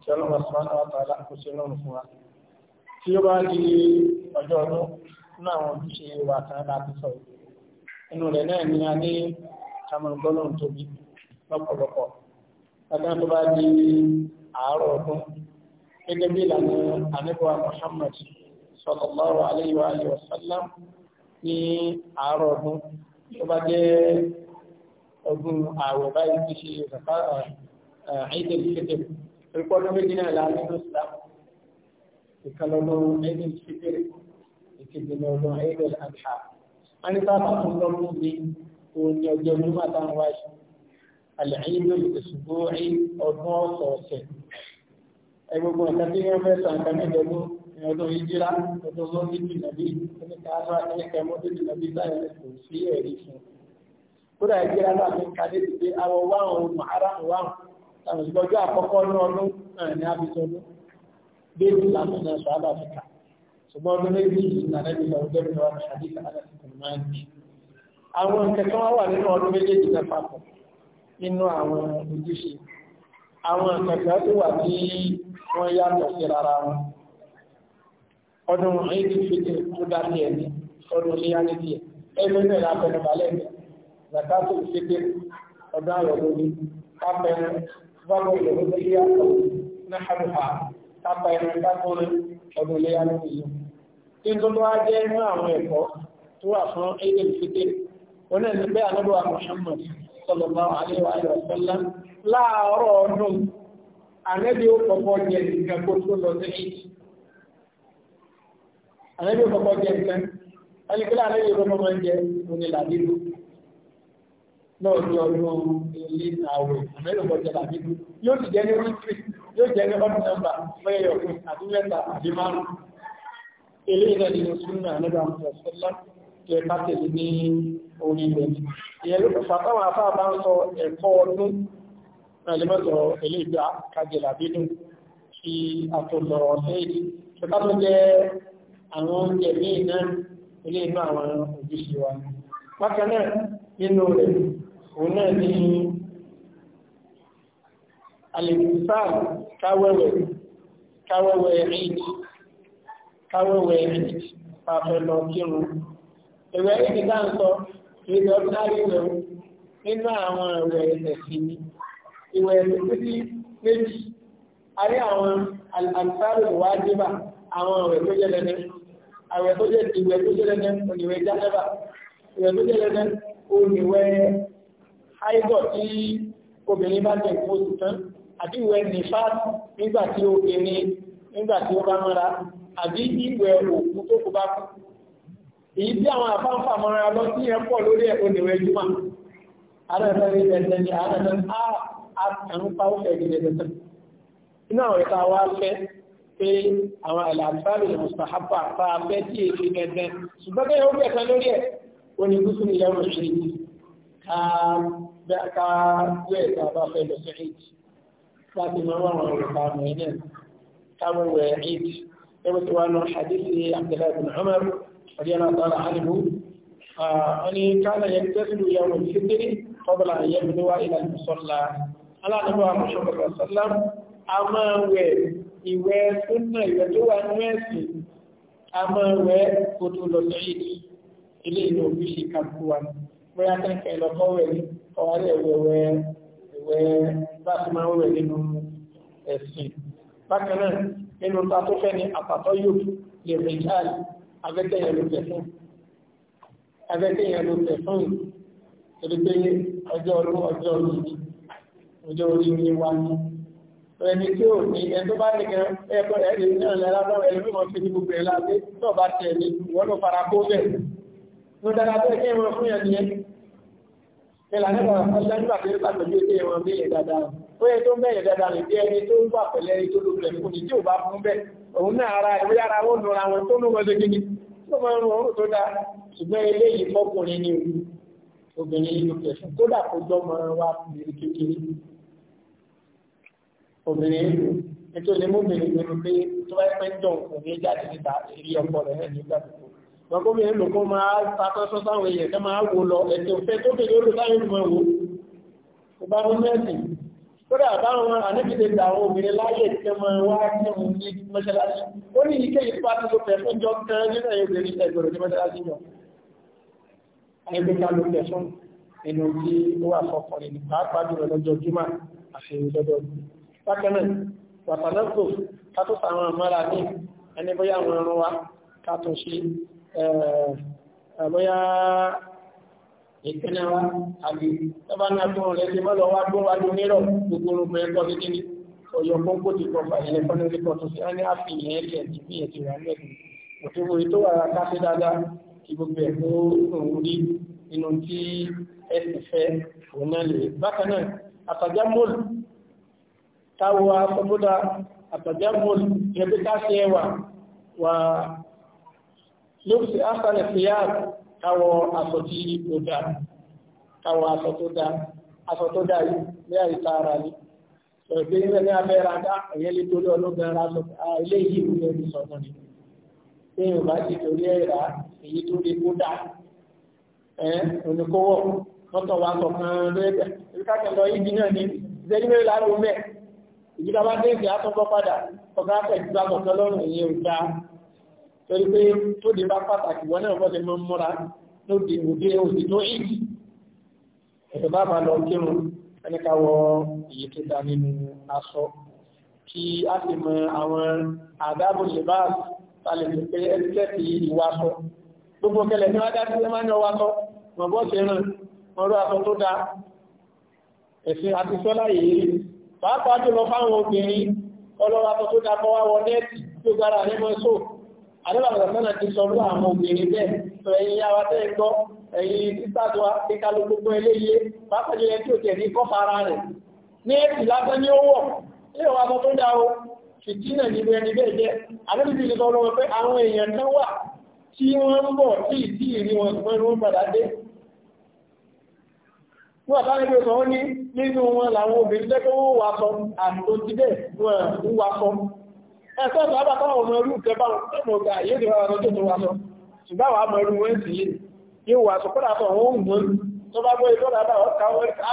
tí ọlọ́wọ́ sọ́nà àtàlà kò sí ọlọ́run fún wa tí ó bá di ọjọ́ ọdún ní àwọn ojúṣe wà tán láti sọ inú rẹ̀ náà ni a ní kàmọ̀gbọ́lọ́run tóbi lọ́pọ̀lọpọ̀ kàkà tó bá di àárọ̀ ọdún gẹ́gẹ́ bí ìlànà àníbọ̀wá Muhammad sallallahu alayhi wa alihi wa sallam ní àárọ̀ ọdún tó bá jẹ́ ọdún ààwẹ̀ báyìí ti ṣe ìsàkà àìdẹ̀ ìfẹ́tẹ̀ ìpọ́dún méjì náà láàrin ló sì dáa ìkàlọ́dún àìdẹ̀ ìfẹ́tẹ̀ ìkejìlá ọdún àìdẹ̀ àdìhà. a ní sábà tún lọ́mú mi òun ni ọjọ́ mímọ́ àtàwọn wáyé àlẹ́yìnbó ìṣubú ọdún ọ̀sọ̀ọ̀sẹ̀ ẹgbogbo nǹkan tí wọ́n fẹ́ sàn kan nígbẹ̀mú ní ọdún ìjírá ọdún lọ́dún ìnàbí oníkàáfà ẹ̀kẹ́mọ́ tó ìnàbí báyìí kò sí ẹ̀rí fún kódà ìjírá náà fi ń ka dé ti àwọn wáhùn màárà wáhùn àwọn ìgbọ́jọ́ àkọ́kọ́ ní ọdún náà ní abisọ́dún bẹ́ẹ̀ni làwọn náà sọ àbáfíkà ṣùgbọ́n ọdún méjì ìnàbí lọ́dún ìjọba àdìsá àdàtì kò máa ń jì àwọn kẹ̀kẹ́ wà nínú ọdún méjèèjì náà papọ̀ nínú àwọn ojúṣe àwọn ìkẹ̀kẹ́ tó wà tí wọ́n yàtọ̀ sí rárá wọn ọdún eighty fifty tó dá sí ẹni ọdún iléyà ní tiẹ̀ ẹgbẹ́ náà la fẹnu balẹ̀ ní zakato fifty ọdún ayọ̀ lórí kápẹ́nu bábọ̀ ìlú iléyà náà hàlùfà kápẹ́nu kápẹ́nu ọdún iléyà ní tiẹ̀ tí tó wá jẹ́ inú àwọn ẹ̀kọ́ tó wà fún eighty fifty wọn náà ní bẹ́ẹ̀ anábọ̀ àmọ̀ sọ̀lọ̀mọ́ àríwáyọ̀sọ́lá láàárọ̀ ọdún àrẹ́bí ó kọ̀kọ́ jẹ nǹkan kó tó lọ sí àrẹ́bí ó kọ̀kọ́ jẹ nǹkan ẹnikẹ́lá àrẹ́bí ó kọ̀kọ́ jẹ onílàdídú náà ní ọdún ilé àwẹ̀ àrẹ́bí ó kọ̀kọ́ jẹ làdídú yóò ti jẹ ní wíńtírì yóò jẹ ní ọdún nọ́mbà mẹ́yọ̀ fún àdúgbẹ́ta àdìmárùn-ún eléyìí náà nínú yẹ ká tẹ̀lé ní orí ilẹ̀. ìyẹn ló fà táwọn afáà bá ń sọ ẹ̀kọ́ ọdún ẹlẹ́mọ̀tọ̀ eléjọ́ kájẹ̀lá bínú kí a tó lọ lẹ́yìn tó ká tó jẹ́ àwọn oúnjẹ míì náà ilé inú rẹ̀ òun náà ní alìmùsáà káwẹ́wẹ́ káwẹ́wẹ́ ẹ̀ẹ́dì káwẹ́wẹ́ ẹ̀ẹ́dì pàfẹ́ kírun ìwé ẹ̀sìn bá ń sọ ìwé ọ̀dárí rẹ̀ nínú àwọn ìwé ẹ̀sìn ni ìwé ẹ̀sìn títí méjì a rí àwọn àlùfáàrù wájúbà àwọn ìwé tó jẹ́ lẹ́nẹ́ àwẹ̀ tó jẹ́ ìwé tó jẹ́ lẹ́nẹ́ oníwé jánábà ìwé tó jẹ́ lẹ́nẹ́ oníwé áìgọ̀ tí obìnrin bá tẹ̀ fún oṣù tán àbí ìwé nìfà nígbà tí obìnrin nígbà tí ó bá mọ́ra àbí ìwé òkú tó kú bá kú èyí tí àwọn àfáǹfà mọ́ra lọ sí ẹ̀ pọ̀ lórí ẹ̀ oníwẹ̀ jùmọ̀ adẹ́fẹ́rí ẹ̀sẹ̀ ni adẹ́fẹ́ àtàǹfà ó fẹ́ gidi ẹ̀sẹ̀ iná ọ̀rẹ́ ta wá fẹ́ pé àwọn àlàáfáàrí mùsàhábà bá a fẹ́ tí èsì ẹ̀sẹ̀ ṣùgbọ́n kẹ́ ó bẹ̀ẹ̀kan lórí ẹ̀ onígúsù ni yẹ́rù ṣe yìí ká wẹ̀ tá a bá fẹ́ lọ sí ẹ̀jì láti máa wà wọn ọ̀rẹ́ ta mọ̀ ẹ̀ náà káwọn wẹ̀ ẹ̀jì ẹ̀wọ̀n tí wọ́n lọ رضي الله تعالى عنه أن كان يغتسل يوم الفطر قبل أن يبدو إلى المصلى على نبي محمد صلى الله عليه وسلم أما وين ìwẹ̀ súnà ìwẹ̀ tó wà ní ẹ̀sìn a máa wẹ̀ kó tó lọ sí ilé ìlú òbí ṣe kàkú wa bóyá kẹ́kẹ́ lọ́kọ́ wẹ̀ ní ọwálẹ̀ wẹ̀wẹ̀ ìwẹ̀ bá ti máa wẹ̀ nínú ẹ̀sìn bákan náà nínú ta tó fẹ́ ni àpàtọ́ yóò lè rìn jáde abẹ́tẹ̀yẹ ló tẹ̀ fún abẹ́tẹ̀yẹ ló tẹ̀ fún torí pé ọjọ́ ọdún ọjọ́ ọdún ọjọ́ orí ni wá ní ẹni tí ò ní ẹni tó bá ní kan ẹ̀kọ́ ẹ̀rí náà lára bá ẹni mímọ̀ sí ní gbogbo ẹ̀ láti tó tẹ̀ ní ìwọ́n ló fara kó bẹ̀ ló dára bẹ́ẹ̀ kí wọ́n fún yẹn nìyẹn nílà nípa ọ̀sẹ̀ nígbà tí ó bá tọ́jú ètò ìwọ̀n bí ilẹ̀ dáadáa ó yẹ tó ń bẹ̀rẹ̀ dáadáa rẹ̀ bí ẹni tó ń gbà pẹ̀lẹ́ ẹni tó lóbi rẹ̀ fún ni tí ò bá fún bẹ́ẹ̀ òun náà ara ìwé ara ó nura wọn tó nù mọ́tò gidi tó máa ń rún òórùn tó dáa gbọ́gbọ́n èlò kó máa tàtọ́sọ́ sáwọn èèyàn kẹ́ máa wò lọ ẹ̀tẹ̀ òfẹ́ tó kèrè olùsáyìn mọ̀ wò ó bá mú mẹ́sì kódà àbáwọn anẹ́bìdẹ̀ gba àwọn obìnrin láyé tẹ́ máa wá kẹ́hùn ní mọ́ṣáláṣí ó ní ike ìpá tí ó fẹ́ fún jọ kan nínú ẹ̀yẹ obìnrin ẹgbẹ̀rún ní mọ́ṣáláṣí yàn ayébíkà ló fẹ́ fún ẹnu tí ó wà fọkànlẹ̀ ní pàápàá jùlọ lọ́jọ́ júmọ́ àfihàn lọ́jọ́ bákan náà wàtàlẹ́kò ká tó sàwọn àmọ́ra ní ẹni bóyá àwọn àbóyá eh, eh, ìpínlẹ̀ wa àbí tọ́ba ní agbóhùn rẹ̀ ṣe mọ́lọ wá gbóhùn wájú nírọ̀ gbogbo orúkọ ẹ̀kọ́ sí kíni ọ̀yọ́ kókó ti kọ̀ fàyẹ̀lẹ̀ fọ́nà orí kọ̀ tó sí á ní àfihàn ẹ̀kẹ́ ti fi ẹ̀kẹ́ rà lẹ́kùn òtúwò tó wà káfí dáadáa kí gbogbo ẹ̀kọ́ òun rí inú tí ẹ̀sìn fẹ́ òun náà lè bákan náà àtàjámọ́lù táwọn afọ́bọ́dà àtàjámọ́lù ẹ̀bí ká ṣe ẹwà wà lóríṣi asàlẹ̀ fìyà káwọ aṣọ tí ó dá káwọ aṣọ tó dá aṣọ tó dá yìí ní àyíká ara ni ọ̀gbẹ́ ilẹ̀ ní abẹ́ ra dá ẹ̀yẹ́ lè torí ọlọ́gbẹ́ ra sọ ilé yìí ló yẹ kí sọ fún mi pé yorùbá ti torí ẹ̀ èyí tó lè kó dá ẹ̀ oníkówó mọ́tò wa sọ kan lẹ́gbẹ̀ẹ́ ibi káàkiri lọ ni ìdẹ́jú mẹ́rin láàrú mẹ́ ìdíkà bá dé ìdí àtúntò padà ọ̀gá àtẹ̀jú bá torí pé tó dé bá pàtàkì wọn náà wọ́n ti mọ́ múra lóde òde òde tó ìdí ẹ̀tọ́ bá bá lọ kírun ẹnìká wọ èyí tó dá nínú aṣọ kí a sì mọ àwọn àdábò lè bá talẹ̀ tó pé ẹ̀tẹ́tì ìwà aṣọ gbogbo kẹlẹ̀ ní wọ́n dá sí ẹ máa sọ wọ́n bọ́ sí ràn wọ́n rú aṣọ tó dáa ẹ̀sìn àti sọ́lá yìí pàápàá jùlọ fáwọn obìnrin ọlọ́wọ́ aṣọ tó dáa bọ́ wá wọ nẹ́ẹ̀tì tó gbára rẹ̀ mọ́ àdébàbà mẹ́rin ti sọ fún àwọn obìnrin bẹ́ẹ̀ sọ ẹ̀yin yára tẹ́ gbọ́ ẹ̀yin títàtọ́ kíkàlù gbogbo eléyé pápẹ́jọ yẹn tí ò tẹ̀ ní kọ́fara rẹ̀ ní èsì lásán ní ó wọ̀ ilé wa mọ́ tó dá o fìtínà níbi ẹni bẹ́ẹ̀ jẹ́ àdébìbì ti sọ lọ́wọ́ pé àwọn èèyàn kan wà tí wọ́n ń bọ̀ tí ìdí ìrí wọn pé wọ́n padà dé wọ́n bá níbi ọ̀sán ó ní nínú wọn làwọn obìnrin tẹ́kọ̀ọ́ wà sọ àtòjì bẹ́ẹ̀ wọ́n wà sọ ẹ̀sọ́ sábà káwọn ọmọ ẹrú kẹbà ọmọ ọgbà yóò dẹ̀wà ọmọ tó tó wá sọ ṣùgbọ́n àwọn ọmọ ẹrú wọ́n sì yé yóò wà sọ kọ́dà tọ̀ wọ́n mú ẹrú tó bá gbọ́ ìtọ́ dáadáa ọ̀ka wọ́n ká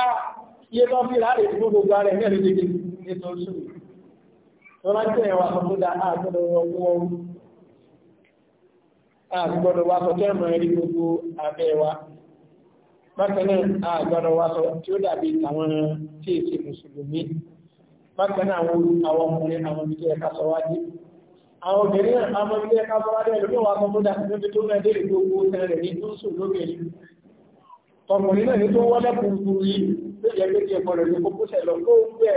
iye tó fi láàrin ìdúró gbogbo ara ẹ̀ ní ẹ̀rẹ́dẹ́gbẹ́ nítorí sùn tó rántí ẹ̀ wà sọ tó da àgbọ̀dọ̀ ọwọ́ tẹ́ mọ̀ ẹ̀rí gbogbo abẹ́ wa àgbọ̀dọ̀ wà tí ó dàbí àwọn tí èsì mùsùlùmí bákan náà àwọn àwọn ọmọkùnrin àwọn ibi tó yẹ ká sọ wájú àwọn obìnrin náà àwọn ibi tó yẹ ká sọ wájú ẹlòmíì wà sọ fúnra níbi tó náà délé gbogbo tẹ́lẹ̀ ní tó ń sùn lóbìnrin ọkùnrin náà ní tó wọlé kúrúkúrú yìí tó yẹ pé kí ẹ̀kọ́ rẹ̀ ló kókó sẹ̀ lọ kó gbé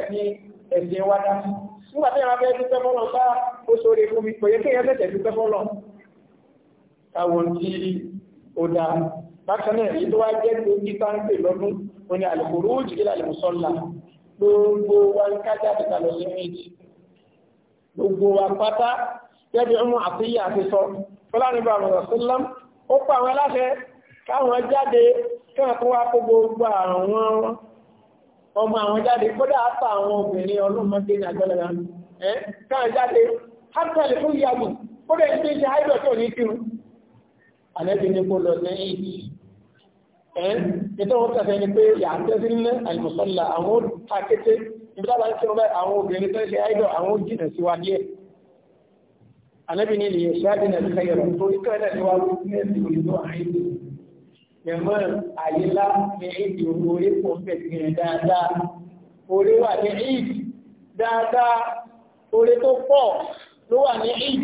ẹ̀ ní ẹ̀sìn gbogbo wa ń ti kàlọ́ sí méjì gbogbo wa pátá gẹ́gẹ́ ọmọ àtúnyà ti sọ fúlàní bá àwọn awọn ó pa àwọn aláṣẹ káwọn jáde káwọn tó wá kó gbogbo àwọn ọmọ àwọn jáde kódà àtà àwọn obìnrin ọlọ́mọdé ní káwọn jáde hátẹ́lì fún ń tó ní kírun àlẹ́bí ètò wọn kàfẹ́ ni pé yàtẹ́sí ní àìmọ̀sọ́lá àwọn takété ìbíláwà ń tẹ́wọ́ báyìí àwọn obìnrin tó ń ṣe àìdọ̀ àwọn jìnà sí wa díẹ̀ anábì ní ilé ìṣáájú náà ti kẹyọ̀ tó ikọ̀ náà ni wà ló ní ẹ̀sìn òyìnbó àìdì ẹ̀mọ́ àyílá ní èdè orí pọ̀ ń bẹ̀sì rẹ̀ dáadáa orí wà ní èdè dáadáa orí tó pọ̀ ló wà ní èdè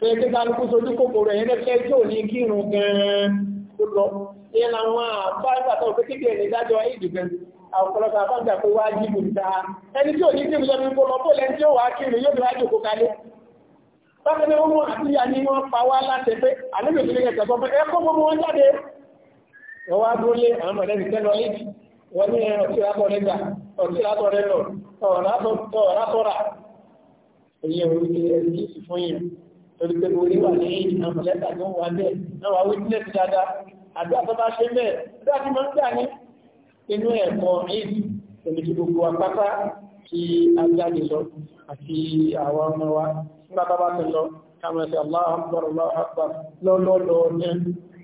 tó yẹ kálukú sojú kòkòrò ẹ̀yẹ́dẹ́fẹ́ tí ò ní kírun gan-an tó lọ ní àwọn àbá ìpàtàkì òfin kékeré ní ìdájọ́ ìdìbẹ̀ ọ̀pọ̀lọpọ̀ àbáǹdà kó wá jíbù ta ẹni tí ò ní jíbù lọ́nà ìbò lọ́pọ̀ lẹ́ni tí ó wà kiri yóò wá jòkó kalẹ̀ bákan náà wọn àti ìyá ni wọn pa wá láti pé àlejò tó lè yẹ tẹ̀sán fún ẹkọ́ gbogbo wọn jáde wọn wá dúró lé àwọn mọ̀lẹ́bí tẹ́lọ ìdí wọn ní ọtí látọ̀ rẹ gbà ọtí látọ̀ rẹ lọ ọ̀rá tọ́ra èyí ò torí pé mo rí wà ní àmọ̀lẹ́ta tó ń wà bẹ́ẹ̀ náà wà witness dáadáa àbí àtọ́bá ṣe bẹ́ẹ̀ bí a ti máa ń gbà ní inú ẹ̀kọ́ aid pẹ̀lú ti gbogbo apáta kí a jáde lọ àti àwọn ọmọ wa nígbà bá bá ti lọ káwọn ẹsẹ̀ Allahu Akbar Allahu Akbar lọ́lọ́lọ́ ní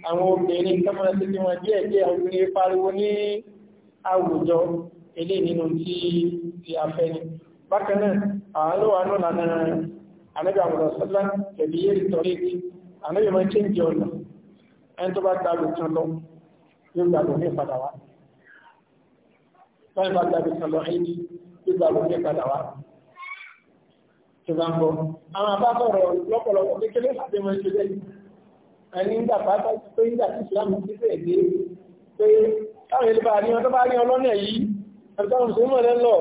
àwọn obìnrin káwọn ẹsẹ̀ tí ànábì àwọn ọ̀sọ́lá tẹ̀lé yé ìtọ́rẹ́kì ànábì máa ń ṣe ń jẹ ọ̀nà ẹni tó bá gbàgbé kan lọ yóò gbàgbé ní padà wá báyìí bá gbàgbé kan lọ ẹni yóò gbàgbé ní padà wá tó bá ń bọ̀ àwọn abábọ̀rọ̀ lọ́pọ̀lọpọ̀ kékeré àti ẹmọ ìṣẹ́ lẹ́yìn ẹni nígbà pátá pé nígbà tí ìsìlámù ti fẹ́ dé pé káwọn ilé bá ní ọjọ́ bá ní ọlọ́nà yìí ẹ̀ka òṣèlú mọ̀ lẹ́lọ́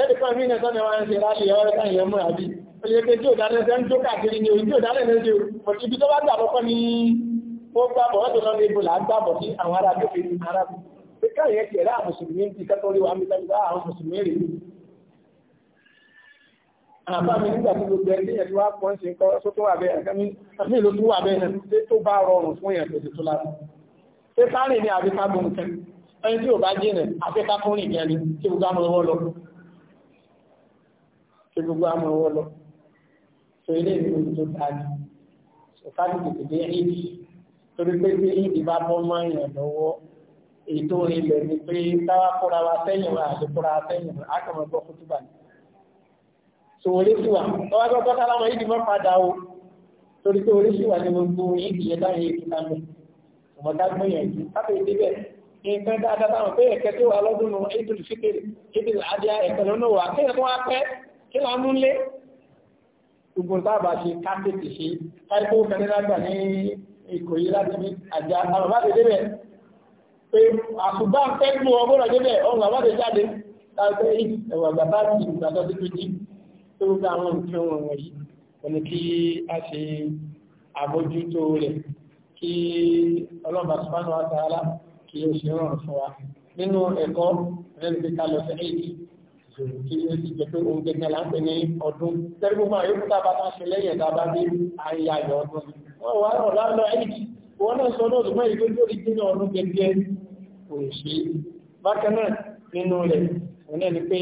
ẹ̀ẹ́dẹ̀kan mí oyèké tí ò dálẹ́sẹ̀ ń jó káàkiri ni òyìn tí ò dálẹ́sẹ̀ ń jó bọ̀tí ibi tó bá gbà kọ́kọ́ ni ó gbàbọ̀ ọ́dọ̀ náà ní ibùdó àgbàbọ̀ sí àwọn ará tó fi ní ará bù pé káyẹ̀ kì rá mùsùlùmí ti kẹ́kọ̀ọ́ rí wa ń bí àwọn mùsùlùmí rè àbá mi nígbà tí gbogbo ẹni ẹni wá pọ́n ṣe kọ́ tó tó wà bẹ́ẹ̀ ẹ̀kẹ́ mi àmì ìlú tó wà bẹ́ẹ̀ ni àbí kábọ̀ nǹkan ẹni ọwọ́ lọ tó ilé ìlú tó dájú ìfádùn tètè dé ìdí torí pé bí ìdí bá bọ́ mọ́ èèyàn lọ́wọ́ ètò ilẹ̀ ni pé táwa kóra wa sẹ́yìn wa àti kóra wa sẹ́yìn wa á kàn gbọ́ kútùbà ní. sòwòlé sí wa tọ́wá gbọ́ sálámà ìdí mọ́ padà o torí pé orí sí wa ni gbogbo ìdí yẹn láyé ìkúta mi ọmọdé gbìyànjú káfíń débẹ̀ nǹkan dáadáa táwọn pé ẹ̀kẹ́ tó wà lọ́dún nù ẹ̀dùn fìkèrè ẹ̀dùn àdìyà ẹ̀kẹ́ lọ́nà wà kí ẹ̀kọ́ wá pẹ́ kí lọ́nà ń lé gbogbo táàbà ṣe káàkiri ṣe káìkó fẹ́rẹ́ lágbà ní ìkòyí láti ní àjà àbàbáde débẹ̀ pé àṣùgbà ń fẹ́ gbọ́ ọgbọ́nà débẹ̀ ọ̀hún àbáde jáde láti ẹ̀wà bàbá ti ìgbàdọ́ sí tó jí tó gbogbo àwọn nǹkan wọn wọ̀nyí ọ̀nà kí a ṣe àbójútó rẹ̀ kí ọlọ́mà sùpánù àtàrà kí o ṣe rọrùn fún wa nínú ẹ̀kọ́ rẹ̀ ń gbé kalọ̀ sẹ́yìn kí ló ti jẹ pé ohun gẹ́gẹ́ la ń pè ní ọdún tẹ́lẹ̀ gbogbo àyè fún tábà tán ṣe lẹ́yìn ẹ̀dá bá dé ayé ayọ̀ ọdún wọn wà rọ̀ lálọ́ ẹ̀yìn wọn náà sọ náà ṣùgbọ́n èyí tó lórí jẹ́ ọdún gẹ́gẹ́ kò ṣe bákan náà nínú rẹ̀ òun náà ni pé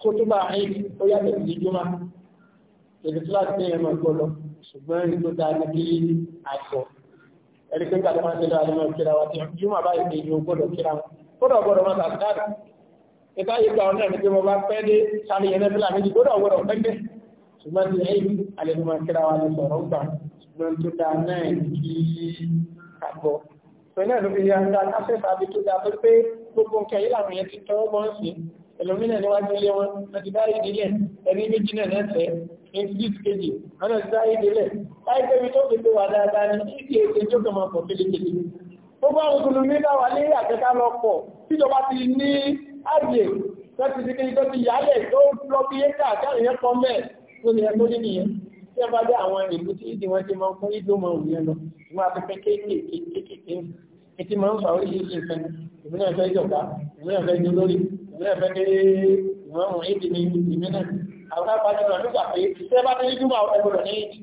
kótóbà ẹ̀yìn ó yàtọ̀ sí jùmọ̀ èdè tó láti ní ẹ̀mọ̀ gbọ́lọ̀ ṣùgbọ́n èyí tó ní bí àṣọ ẹ̀rí pé gbàdúrà ń ṣe lọ́wọ́ àdúrà kíra wa tí jùmọ̀ báyìí kódà gbọ́dọ̀ máa tàbí dáadáa ìta yìí gba ọ̀nà ìpé mo bá pẹ́ dé sáré yẹn nẹ́fẹ́lá méjì kódà gbọ́dọ̀ pẹ́ dé ṣùgbọ́n ti ẹ̀yìn àlejò máa kíra wa ní sọ̀rọ̀ gbà ṣùgbọ́n tó da náà kí àgbọ̀ pẹ̀lú náà ló fi ya ńlá káfẹ́ tàbí tó da tó pé gbogbo nǹkan yìí làwọn yẹn ti tọwọ́ bọ́ sí ẹlòmínà níwájú ilé wọn láti dáyé nílẹ̀ ẹni méjì náà lẹ́sẹ̀ ẹni bíi kejì wọn náà ti dáyé nílẹ̀ láì pẹ́ gbogbo àwọn mùsùlùmí dáwà ní àjẹká lọ pọ̀ tíjọba ti ní ààyè tó ti di kéjì tó ti yálẹ̀ tó lọ bí éka àtàríyàn kan mẹ́ tó ní ẹgbẹ́ ní nìyẹn tí ẹ bá dé àwọn ìlú tí ìdí wọn ti máa ń fún ìdó mọ òun yẹn lọ ìwọn afẹ́fẹ́ kéékèèké kéékèèké ètí máa ń fa oríṣiríṣi nǹkan ìmúlẹ̀ ẹ̀fẹ́ ìjọba ìmúlẹ̀ ẹ̀fẹ́ ní olórí ìmúlẹ̀ ẹ̀fẹ́ ní ìmọ̀ ọ̀hún èdè ní ìmúlẹ̀ àwọn apájọ́ náà nígbà pé tẹ́ ní júmọ̀ ní èdè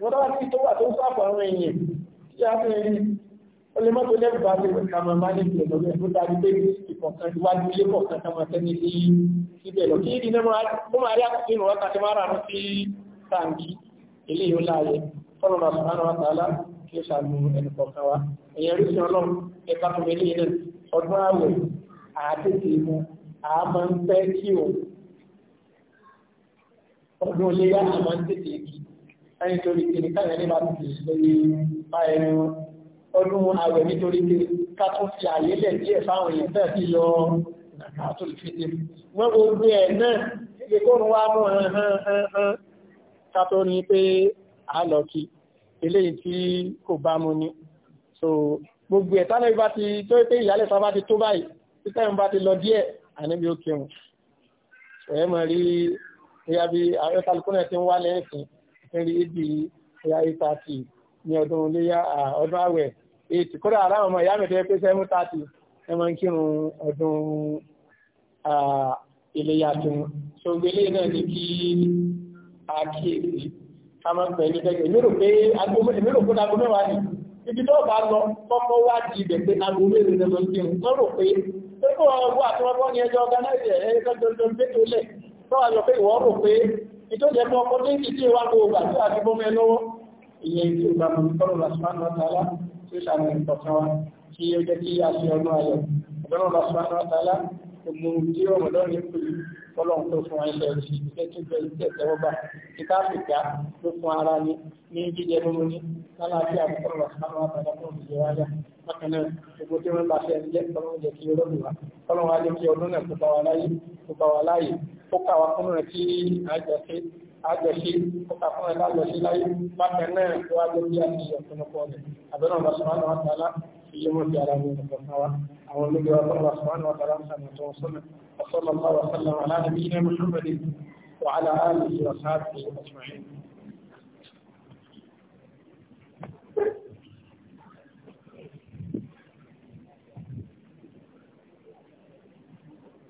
wọ́n dára sí tó wà tó ń sáàpọ̀ àwọn èèyàn tí a fi rí ó lè mọ́tò lẹ́bù bá lè wẹ̀ká máa má ní ìpìlẹ̀ lọ́wọ́ ẹ̀kọ́ dájú pé ìkọ̀kan iwájú ilé kọ̀ọ̀kan kan máa tẹ́ni sí ibẹ̀ lọ kí ìdíná máa rí àkókò ìrùn wákàtí máa rà sí tàǹkì ilé yóò láàyè fọ́nà bàbá náà wà tààlà kí ó ṣàmù ẹnì kọ̀ọ̀kan wa èèyàn rí sí ọlọ́run ẹ̀ka ẹni torí kiri káyọ̀ ní láti fi lórí bá ẹni wọn ọdún àwẹ̀ nítorí kiri ká tún fi àyè lẹ̀ díẹ̀ fáwọn èèyàn bẹ́ẹ̀ fi yọ nàkà tó lè fi dé wọn gbogbo ẹ̀ náà ilé kóòrùn wa mọ̀ hàn hàn hàn hàn ká tó ní pé a lọ kí eléyìí tí kò bá mu ni so gbogbo ẹ̀ tánà bá ti tó pé ìyálẹ̀ sábà ti tó báyìí títẹ̀ ń bá ti lọ díẹ̀ àníbi ó kírun ẹ̀ mọ̀ rí ẹ̀yà bí àwọn kálukú náà ti ń wá lẹ́yìn rí ibi ẹ̀yà eight thirty ní ọdún iléyà ọdún àwẹ̀ eight kódà aláwọ̀ ọmọ ìyá mi tẹ́ pé seven thirty ẹ máa ń kírun ọdún iléyà tó ń so gbélé náà ní kí a kíyèsí ká máa pẹ̀lú gẹ́gẹ́ mi rò pé mi rò pé aago ni ibi tó bá lọ kọ́kọ́ wá di ibẹ̀ pé aago mẹ́rin ló ń kírun wọ́n rò pé pé kó ọgbọ́ ètò ìjẹ́gbọ́ ọkọ̀ tó ti tí wá gbogbo àti àti bọ́mẹ́ lọ́wọ́ ìyẹn tí ó bá mọ̀ nípọ̀lọ̀ lásán látàlá tí ó sàmì ìpọ̀kan wa kí ó jẹ́ kí a ṣe ọdún ayọ̀ ọ̀dọ́rọ̀ lásán látàlá gbogbo tí ó mọ̀ lọ́rin pè fọ́lọ́n tó fún ẹsẹ̀ òsì jẹ́ kí bẹ́ẹ̀ jẹ́ tẹ́wọ́gbà tí káfíkà ló fún ara ní ní jíjẹ mímú ní lálàáfíà àbúkọ̀rọ̀ lásán látàlá fún òṣìṣẹ́ wáyà wọ́n bá fẹ́ jẹ́ fọ́lọ́n jẹ́ kí ó wá fọ́lọ́n wá jẹ́ kí ọdún náà kó bá wa láyé ó kà wá fún rẹ̀ kí àjọṣe àjọṣe ó kà fún rẹ̀ lájọṣe láyé bákan náà tó wájú bí a ti ọ̀pọ̀lọpọ̀ rẹ̀ àbẹ̀rẹ̀ ọ̀rọ̀ sọ̀rọ̀ àwọn àtàlá fi yé mọ́ bí ara mi ọ̀pọ̀ kan wá àwọn olóbi ọlọ́rọ̀ sọ̀rọ̀ àtàlá ń sàmì tó ń sọ́nà ọ̀sọ́lọ́